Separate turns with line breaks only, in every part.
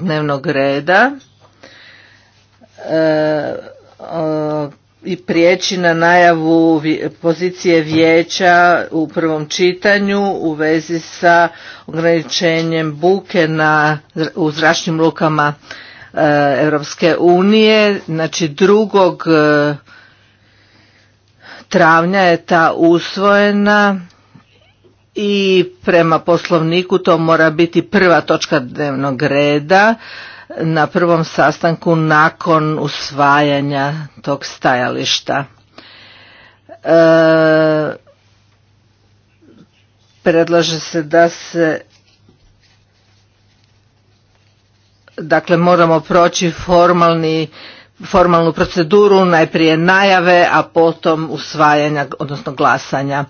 dnevnog reda e, i prijeći na najavu pozicije vijeća u prvom čitanju u vezi sa ograničenjem buke na, u zračnim lukama e, Europske unije. Znači drugog e, travnja je ta usvojena i prema poslovniku to mora biti prva točka dnevnog reda na prvom sastanku nakon usvajanja tog stajališta. E, predlaže se da se dakle moramo proći formalni formalnu proceduru najprije najave a potom usvajanja odnosno glasanja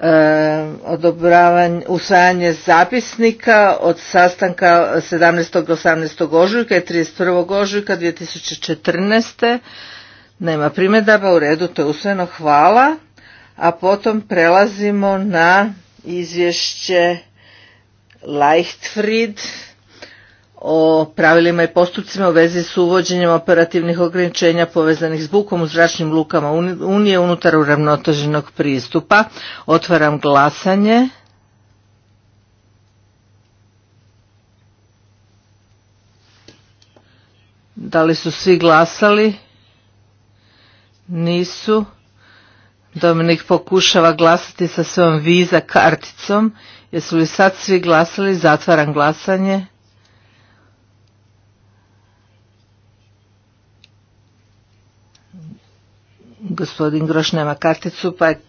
Eh, odobravanje, usvajanje zapisnika od sastanka 17. do 18. ožujka i 31. ožujka 2014. Nema primjedaba, u redu, to je usvojeno, hvala. A potom prelazimo na izvješće Leichtfried o pravilima i postupcima u vezi s uvođenjem operativnih ograničenja povezanih s bukom u zračnim lukama Unije unutar uravnoteženog pristupa. Otvaram glasanje. Da li su svi glasali? Nisu. Dominik pokušava glasati sa svojom viza karticom. Jesu li sad svi glasali? Zatvaram glasanje. Gospodin Groš nema karticu pa je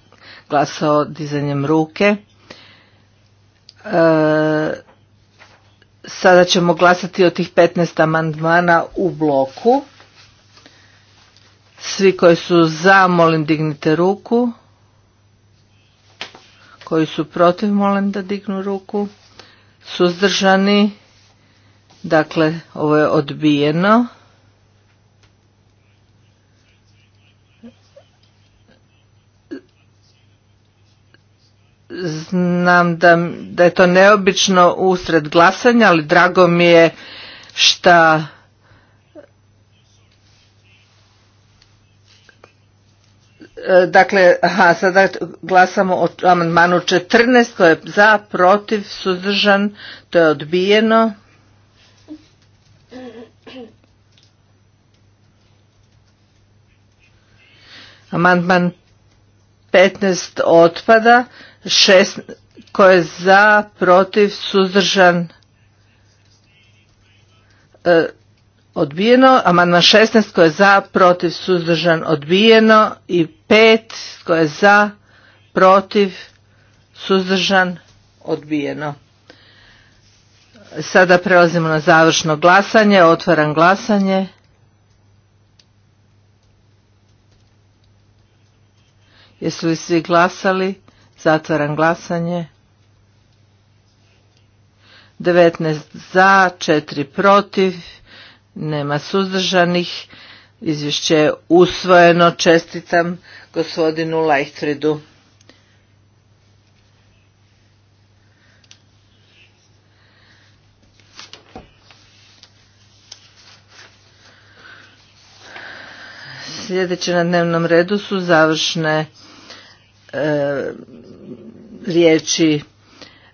glasao dizanjem ruke. E, sada ćemo glasati o tih 15 amandmana u bloku. Svi koji su za, molim dignite ruku. Koji su protiv, molim da dignu ruku. Suzdržani. Dakle, ovo je odbijeno. znam da, da je to neobično usred glasanja, ali drago mi je što... Dakle, aha, sada glasamo o amandmanu 14, koji je za, protiv, suzdržan, to je odbijeno. Amandman 15 otpada, Šest tko je za, protiv, suzdržan, e, odbijeno. Amandman 16 tko je za, protiv, suzdržan, odbijeno. I pet tko je za, protiv, suzdržan, odbijeno. Sada prelazimo na završno glasanje. Otvaram glasanje. Jesu li svi glasali? Zatvaram glasanje. 19 za, 4 protiv, nema suzdržanih. Izvješće je usvojeno. Čestitam gospodinu Lajhtridu. Sljedeće na dnevnom redu su završne E, riječi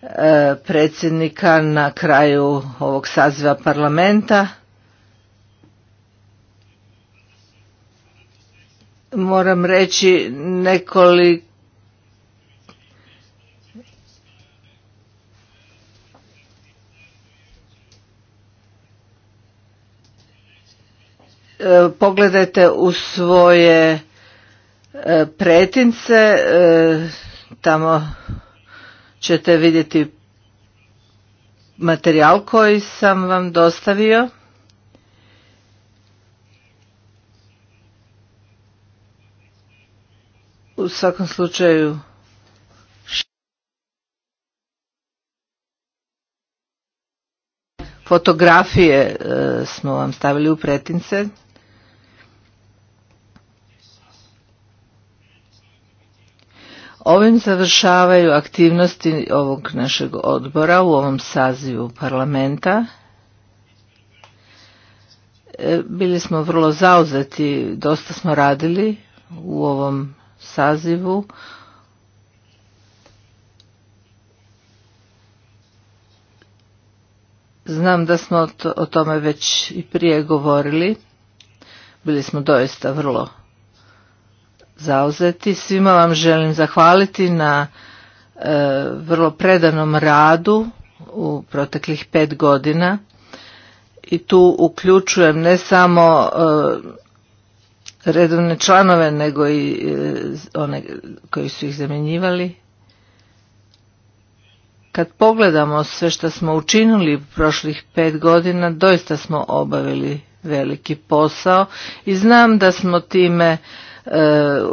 e, predsjednika na kraju ovog saziva parlamenta. Moram reći nekoliko e, pogledajte u svoje E, pretince e, tamo ćete vidjeti materijal koji sam vam dostavio u svakom slučaju fotografije e, smo vam stavili u pretince Ovim završavaju aktivnosti ovog našeg odbora u ovom sazivu parlamenta. E, bili smo vrlo zauzeti, dosta smo radili u ovom sazivu. Znam da smo o tome već i prije govorili. Bili smo doista vrlo zauzeti. Svima vam želim zahvaliti na e, vrlo predanom radu u proteklih pet godina i tu uključujem ne samo e, redovne članove nego i e, one koji su ih zamjenjivali. Kad pogledamo sve što smo učinili u prošlih pet godina, doista smo obavili veliki posao i znam da smo time E,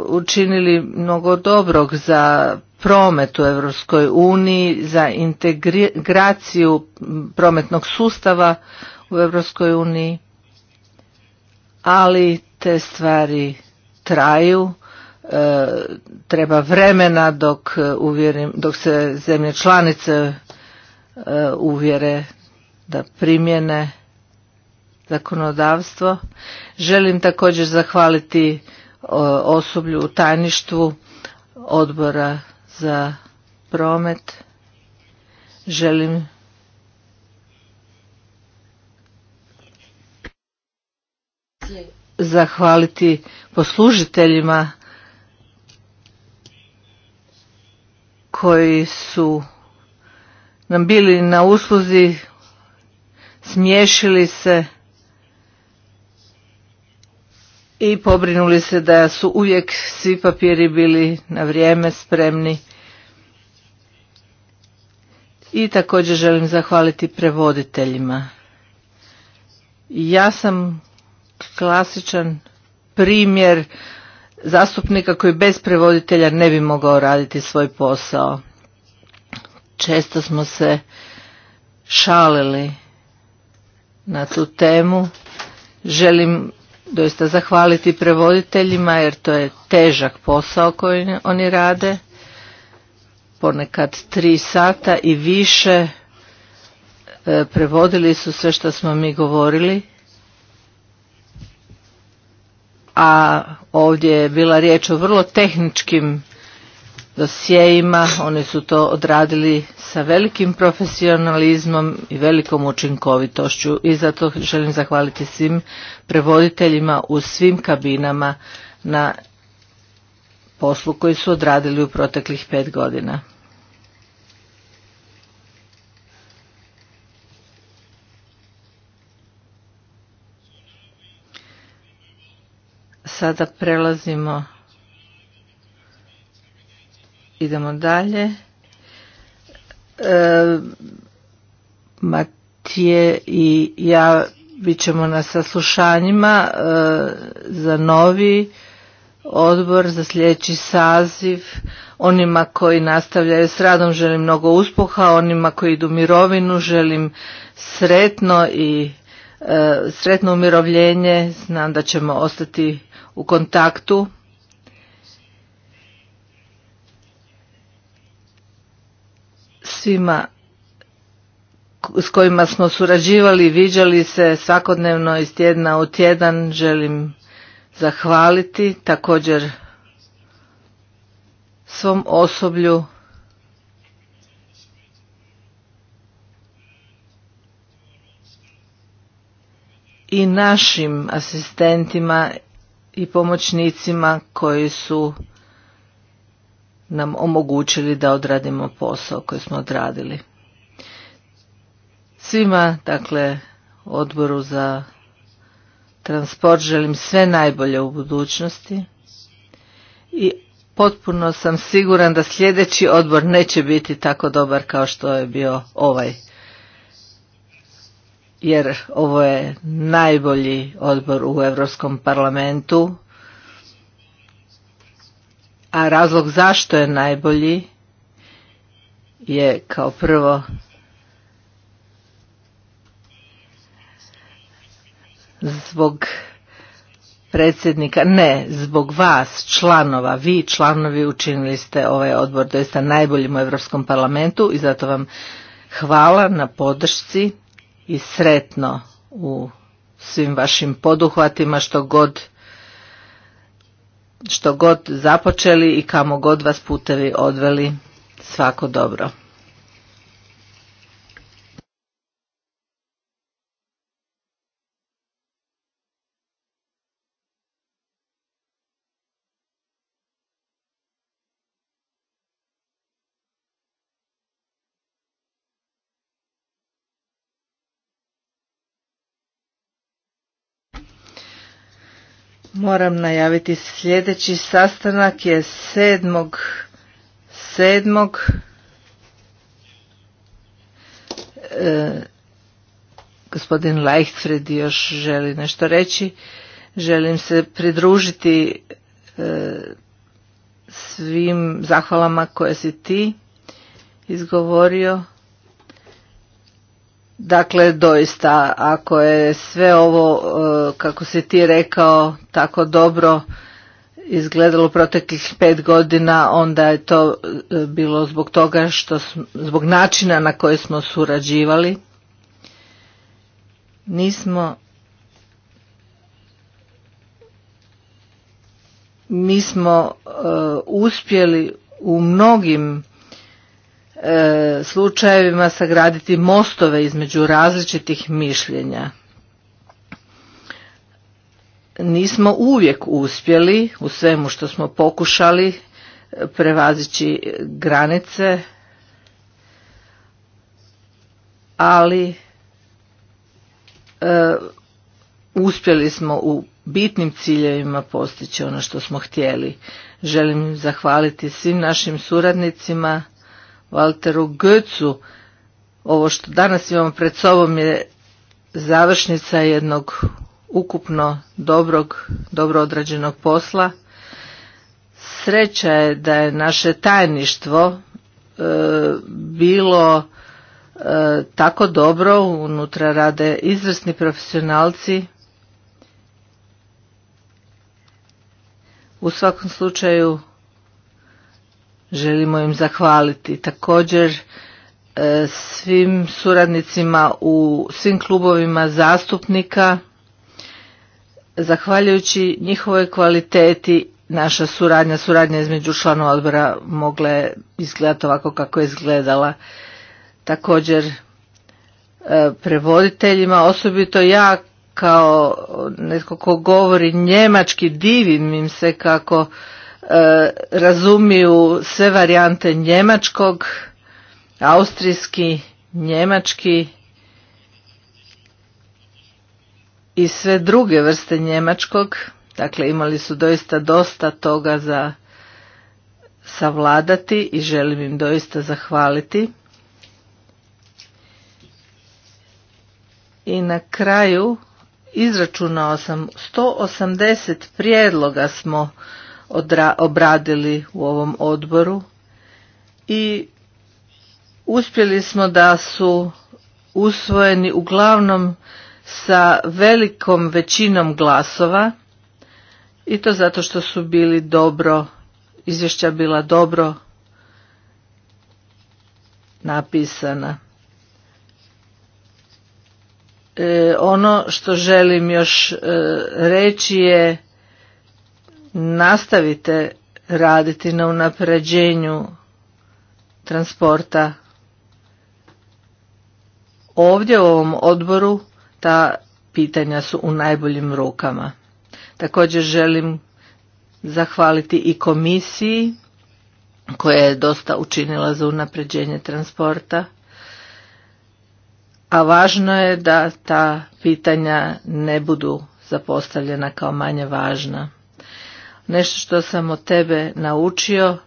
učinili mnogo dobrog za promet u Europskoj uniji, za integraciju prometnog sustava u Europskoj uniji, ali te stvari traju, e, treba vremena dok, uvjerim, dok se zemlje članice e, uvjere da primjene zakonodavstvo. Želim također zahvaliti osoblju u tajništvu odbora za promet. Želim zahvaliti poslužiteljima koji su nam bili na usluzi, smiješili se i pobrinuli se da su uvijek svi papiri bili na vrijeme spremni. I također želim zahvaliti prevoditeljima. Ja sam klasičan primjer zastupnika koji bez prevoditelja ne bi mogao raditi svoj posao. Često smo se šalili na tu temu. Želim doista zahvaliti prevoditeljima jer to je težak posao koji oni rade. Ponekad tri sata i više e, prevodili su sve što smo mi govorili. A ovdje je bila riječ o vrlo tehničkim dosjejima. Oni su to odradili sa velikim profesionalizmom i velikom učinkovitošću i zato želim zahvaliti svim prevoditeljima u svim kabinama na poslu koji su odradili u proteklih pet godina. Sada prelazimo Idemo dalje. E, Matije i ja bit ćemo na saslušanjima e, za novi odbor, za sljedeći saziv. Onima koji nastavljaju s radom želim mnogo uspoha, onima koji idu mirovinu želim sretno i e, sretno umirovljenje. Znam da ćemo ostati u kontaktu svima s kojima smo surađivali, i viđali se svakodnevno iz tjedna u tjedan. Želim zahvaliti također svom osoblju i našim asistentima i pomoćnicima koji su nam omogućili da odradimo posao koji smo odradili. Svima, dakle, odboru za transport želim sve najbolje u budućnosti i potpuno sam siguran da sljedeći odbor neće biti tako dobar kao što je bio ovaj. Jer ovo je najbolji odbor u Europskom parlamentu a razlog zašto je najbolji je kao prvo zbog predsjednika, ne, zbog vas, članova, vi članovi učinili ste ovaj odbor doista najboljim u Europskom parlamentu i zato vam hvala na podršci i sretno u svim vašim poduhvatima što god što god započeli i kamo god vas putevi odveli svako dobro Moram najaviti sljedeći sastanak je sedmog, sedmog. E, gospodin Leichtfried još želi nešto reći. Želim se pridružiti e, svim zahvalama koje si ti izgovorio. Dakle, doista, ako je sve ovo, e, kako si ti rekao, tako dobro izgledalo proteklih pet godina, onda je to e, bilo zbog toga što, zbog načina na koji smo surađivali. Nismo mi smo e, uspjeli u mnogim E, slučajevima sagraditi mostove između različitih mišljenja. Nismo uvijek uspjeli u svemu što smo pokušali e, prevazići granice, ali e, uspjeli smo u bitnim ciljevima postići ono što smo htjeli. Želim zahvaliti svim našim suradnicima Walteru Goetzu. Ovo što danas imamo pred sobom je završnica jednog ukupno dobrog, dobro odrađenog posla. Sreća je da je naše tajništvo e, bilo e, tako dobro, unutra rade izvrsni profesionalci. U svakom slučaju želimo im zahvaliti. Također e, svim suradnicima u svim klubovima zastupnika, zahvaljujući njihovoj kvaliteti naša suradnja, suradnja između članova odbora mogla je izgledati ovako kako je izgledala. Također e, prevoditeljima, osobito ja kao netko ko govori njemački, divim im se kako E, razumiju sve varijante njemačkog, austrijski, njemački i sve druge vrste njemačkog. Dakle, imali su doista dosta toga za savladati i želim im doista zahvaliti. I na kraju izračunao sam 180 prijedloga smo obradili u ovom odboru i uspjeli smo da su usvojeni uglavnom sa velikom većinom glasova i to zato što su bili dobro, izvješća bila dobro napisana. E, ono što želim još e, reći je nastavite raditi na unapređenju transporta ovdje u ovom odboru ta pitanja su u najboljim rukama. Također želim zahvaliti i komisiji koja je dosta učinila za unapređenje transporta. A važno je da ta pitanja ne budu zapostavljena kao manje važna nešto što sam od tebe naučio,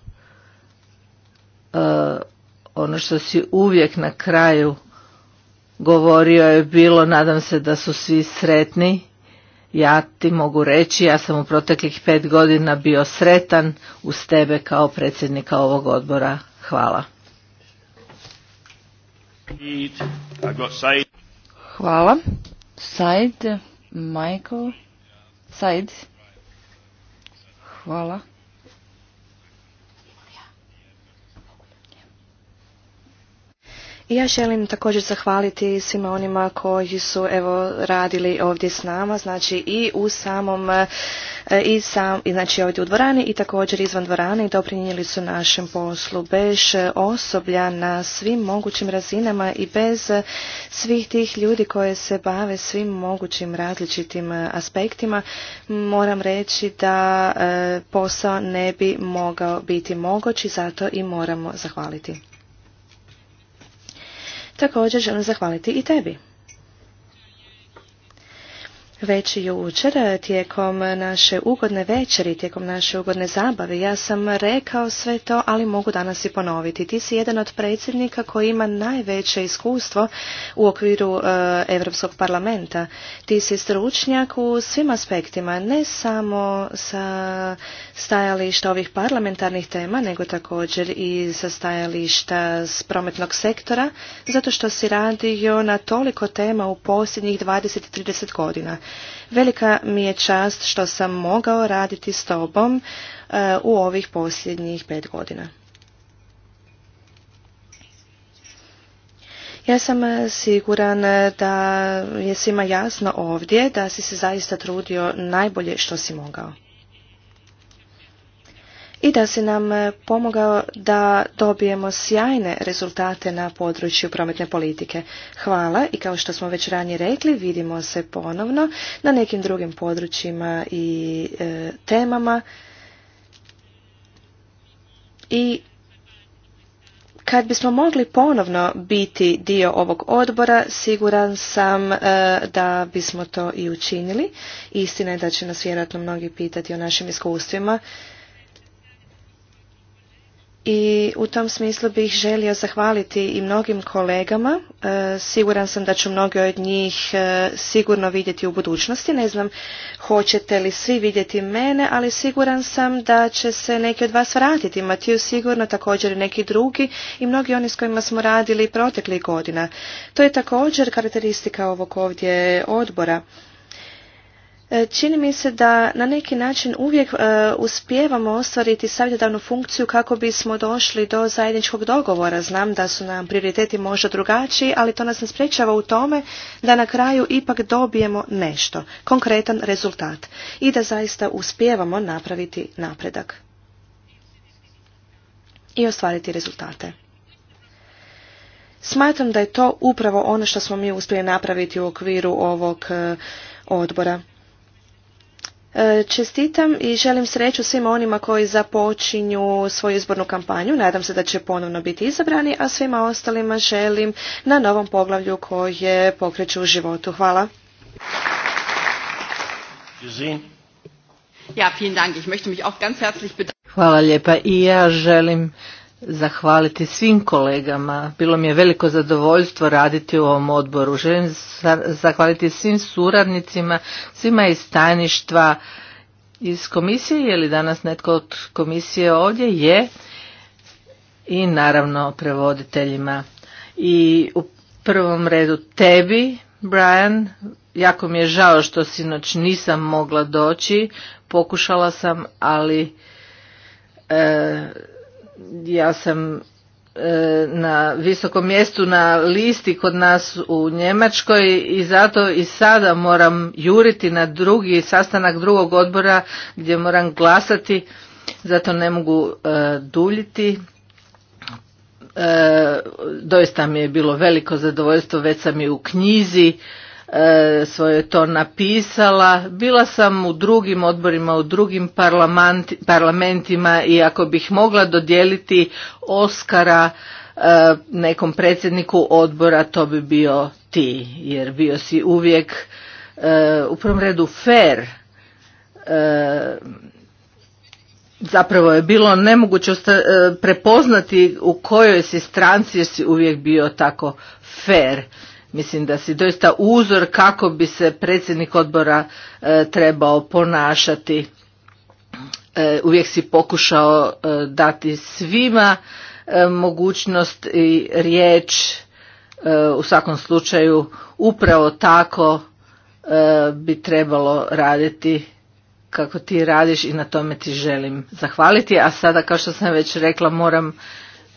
e, ono što si uvijek na kraju govorio je bilo, nadam se da su svi sretni. Ja ti mogu reći, ja sam u proteklih pet godina bio sretan uz tebe kao predsjednika ovog odbora. Hvala. Hvala.
Said, Michael, Said.
Hvala. Ja želim također zahvaliti svima onima koji su evo radili ovdje s nama, znači i u samom e, i sam, znači ovdje u dvorani i također izvan dvorane i doprinijeli su našem poslu bez osoblja na svim mogućim razinama i bez svih tih ljudi koje se bave svim mogućim različitim e, aspektima moram reći da e, posao ne bi mogao biti moguć i zato i moramo zahvaliti. Također želim zahvaliti i tebi. Već jučer e, tijekom naše ugodne večeri, tijekom naše ugodne zabave, ja sam rekao sve to, ali mogu danas i ponoviti. Ti si jedan od predsjednika koji ima najveće iskustvo u okviru e, Europskog parlamenta. Ti si stručnjak u svim aspektima, ne samo sa stajališta ovih parlamentarnih tema, nego također i sa stajališta s prometnog sektora, zato što si radio na toliko tema u posljednjih 20-30 godina Velika mi je čast što sam mogao raditi s tobom e, u ovih posljednjih pet godina. Ja sam e, siguran e, da je svima jasno ovdje da si se zaista trudio najbolje što si mogao i da si nam e, pomogao da dobijemo sjajne rezultate na području prometne politike. Hvala i kao što smo već ranije rekli, vidimo se ponovno na nekim drugim područjima i e, temama. I kad bismo mogli ponovno biti dio ovog odbora, siguran sam e, da bismo to i učinili. Istina je da će nas vjerojatno mnogi pitati o našim iskustvima i u tom smislu bih želio zahvaliti i mnogim kolegama. E, siguran sam da ću mnogi od njih e, sigurno vidjeti u budućnosti. Ne znam hoćete li svi vidjeti mene, ali siguran sam da će se neki od vas vratiti. Matiju sigurno, također i neki drugi i mnogi oni s kojima smo radili proteklih godina. To je također karakteristika ovog ovdje odbora. E, čini mi se da na neki način uvijek e, uspijevamo ostvariti savjetodavnu funkciju kako bismo došli do zajedničkog dogovora. Znam da su nam prioriteti možda drugačiji, ali to nas ne sprečava u tome da na kraju ipak dobijemo nešto, konkretan rezultat i da zaista uspijevamo napraviti napredak i ostvariti rezultate. Smatram da je to upravo ono što smo mi uspjeli napraviti u okviru ovog e, odbora. E, čestitam i želim sreću svima onima koji započinju svoju izbornu kampanju. Nadam se da će ponovno biti izabrani, a svima ostalima želim na novom poglavlju koje pokreću u životu. Hvala.
Hvala lijepa i ja želim zahvaliti svim kolegama. Bilo mi je veliko zadovoljstvo raditi u ovom odboru. Želim zahvaliti svim suradnicima, svima iz tajništva, iz komisije, je li danas netko od komisije ovdje? Je. I naravno prevoditeljima. I u prvom redu tebi, Brian, jako mi je žao što sinoć nisam mogla doći, pokušala sam, ali... E, ja sam e, na visokom mjestu na listi kod nas u Njemačkoj i zato i sada moram juriti na drugi sastanak drugog odbora gdje moram glasati zato ne mogu e, duljiti e, doista mi je bilo veliko zadovoljstvo već sam i u knjizi E, svoje to napisala. Bila sam u drugim odborima, u drugim parlamentima i ako bih mogla dodijeliti Oskara e, nekom predsjedniku odbora, to bi bio ti, jer bio si uvijek e, u prvom redu fair. Zapravo je bilo nemoguće prepoznati u kojoj si stranci jer si uvijek bio tako fair Mislim da si doista uzor kako bi se predsjednik odbora e, trebao ponašati. E, uvijek si pokušao e, dati svima mogućnost i riječ. U svakom slučaju upravo tako bi trebalo raditi kako ti radiš i na tome ti želim zahvaliti. A sada kao što sam već rekla moram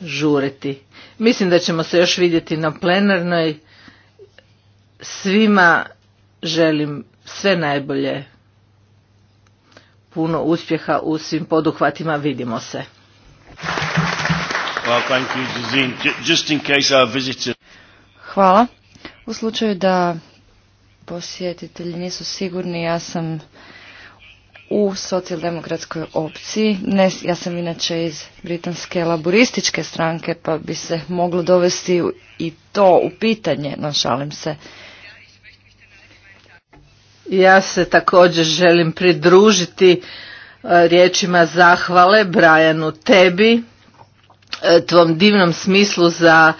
žuriti. Mislim da ćemo se još vidjeti na plenarnoj svima želim sve najbolje, puno uspjeha u svim poduhvatima, vidimo se. Hvala. U slučaju da posjetitelji
nisu sigurni, ja sam u socijaldemokratskoj opciji. ja sam inače iz britanske laborističke stranke, pa bi se moglo
dovesti i to u pitanje, no šalim se. Ja se također želim pridružiti e, riječima zahvale Brajanu tebi e, tvom divnom smislu za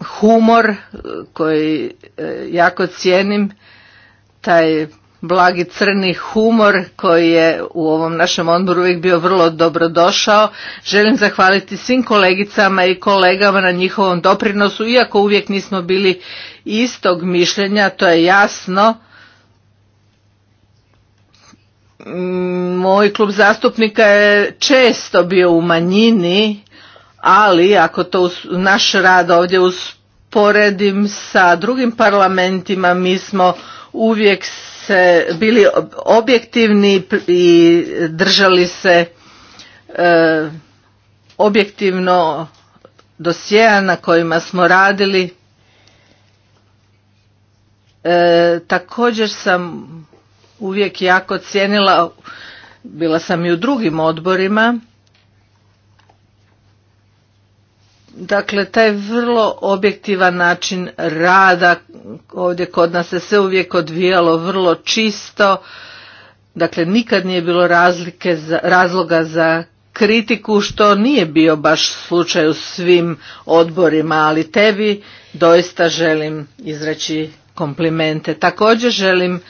humor e, koji jako cijenim taj blagi crni humor koji je u ovom našem odboru uvijek bio vrlo dobrodošao. Želim zahvaliti svim kolegicama i kolegama na njihovom doprinosu, iako uvijek nismo bili istog mišljenja, to je jasno. Moj klub zastupnika je često bio u manjini, ali ako to naš rad ovdje usporedim sa drugim parlamentima, mi smo uvijek se bili objektivni i držali se e, objektivno dosjeja na kojima smo radili. E, također sam uvijek jako cijenila, bila sam i u drugim odborima, Dakle, taj vrlo objektivan način rada ovdje kod nas se sve uvijek odvijalo vrlo čisto. Dakle, nikad nije bilo razlike razloga za kritiku, što nije bio baš slučaj u svim odborima, ali tebi doista želim izreći komplimente. Također želim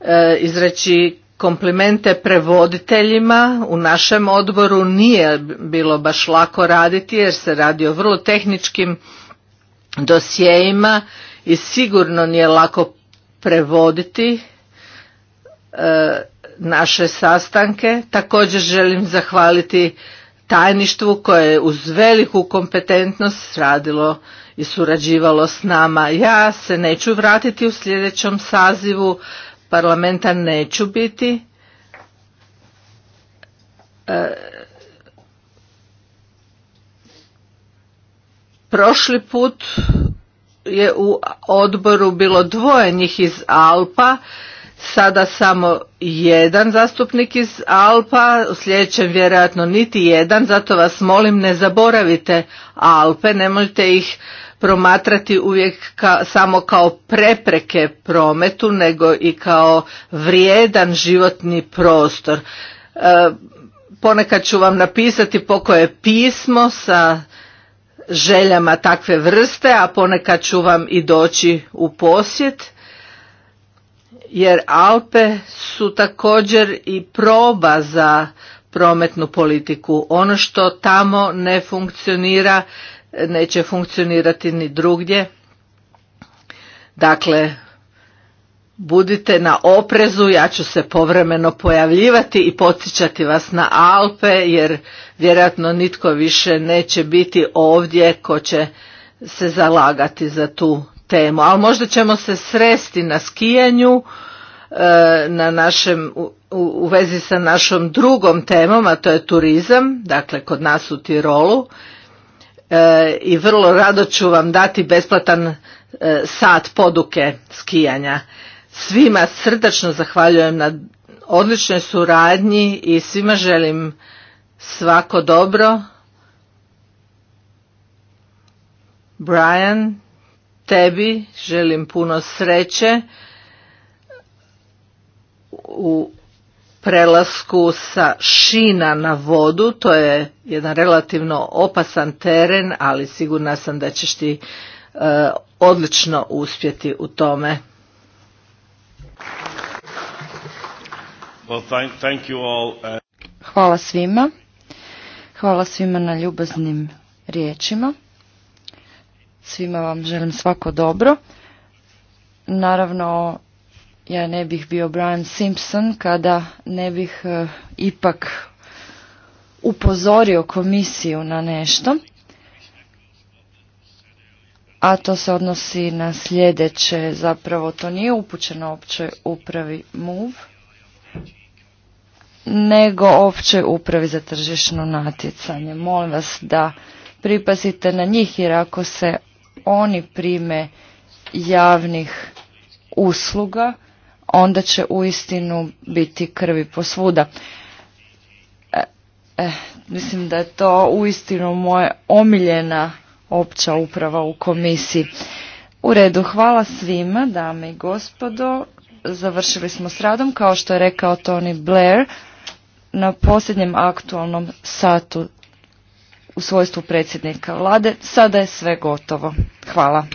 e, izreći komplimente prevoditeljima u našem odboru nije bilo baš lako raditi jer se radi o vrlo tehničkim dosjejima i sigurno nije lako prevoditi e, naše sastanke. Također želim zahvaliti tajništvu koje je uz veliku kompetentnost radilo i surađivalo s nama. Ja se neću vratiti u sljedećem sazivu parlamenta neću biti. E, prošli put je u odboru bilo dvoje njih iz Alpa, sada samo jedan zastupnik iz Alpa, u sljedećem vjerojatno niti jedan, zato vas molim ne zaboravite Alpe, nemojte ih promatrati uvijek samo kao prepreke prometu nego i kao vrijedan životni prostor. E, ponekad ću vam napisati pokoje pismo sa željama takve vrste, a ponekad ću vam i doći u posjet jer Alpe su također i proba za prometnu politiku. Ono što tamo ne funkcionira neće funkcionirati ni drugdje. Dakle, budite na oprezu, ja ću se povremeno pojavljivati i podsjećati vas na Alpe, jer vjerojatno nitko više neće biti ovdje ko će se zalagati za tu temu. Ali možda ćemo se sresti na skijanju, e, na našem, u, u vezi sa našom drugom temom, a to je turizam, dakle kod nas u Tirolu. E, i vrlo rado ću vam dati besplatan e, sat poduke skijanja. Svima srdačno zahvaljujem na odličnoj suradnji i svima želim svako dobro. Brian, tebi želim puno sreće u prelasku sa šina na vodu, to je jedan relativno opasan teren, ali sigurna sam da ćeš ti e, odlično uspjeti u tome.
Uh, Hvala svima. Hvala svima na ljubaznim riječima. Svima vam želim svako dobro. Naravno, ja ne bih bio Brian Simpson kada ne bih e, ipak upozorio komisiju na nešto, a to se odnosi na sljedeće, zapravo to nije upućeno općoj upravi MOVE, nego općoj upravi za tržišno natjecanje. Molim vas da pripazite na njih jer ako se oni prime javnih usluga, onda će uistinu biti krvi posvuda. E, e, mislim da je to uistinu moje omiljena opća uprava u komisiji. U redu, hvala svima, dame i gospodo. Završili smo s radom, kao što je rekao Tony Blair, na posljednjem aktualnom satu u svojstvu predsjednika vlade. Sada je sve gotovo. Hvala.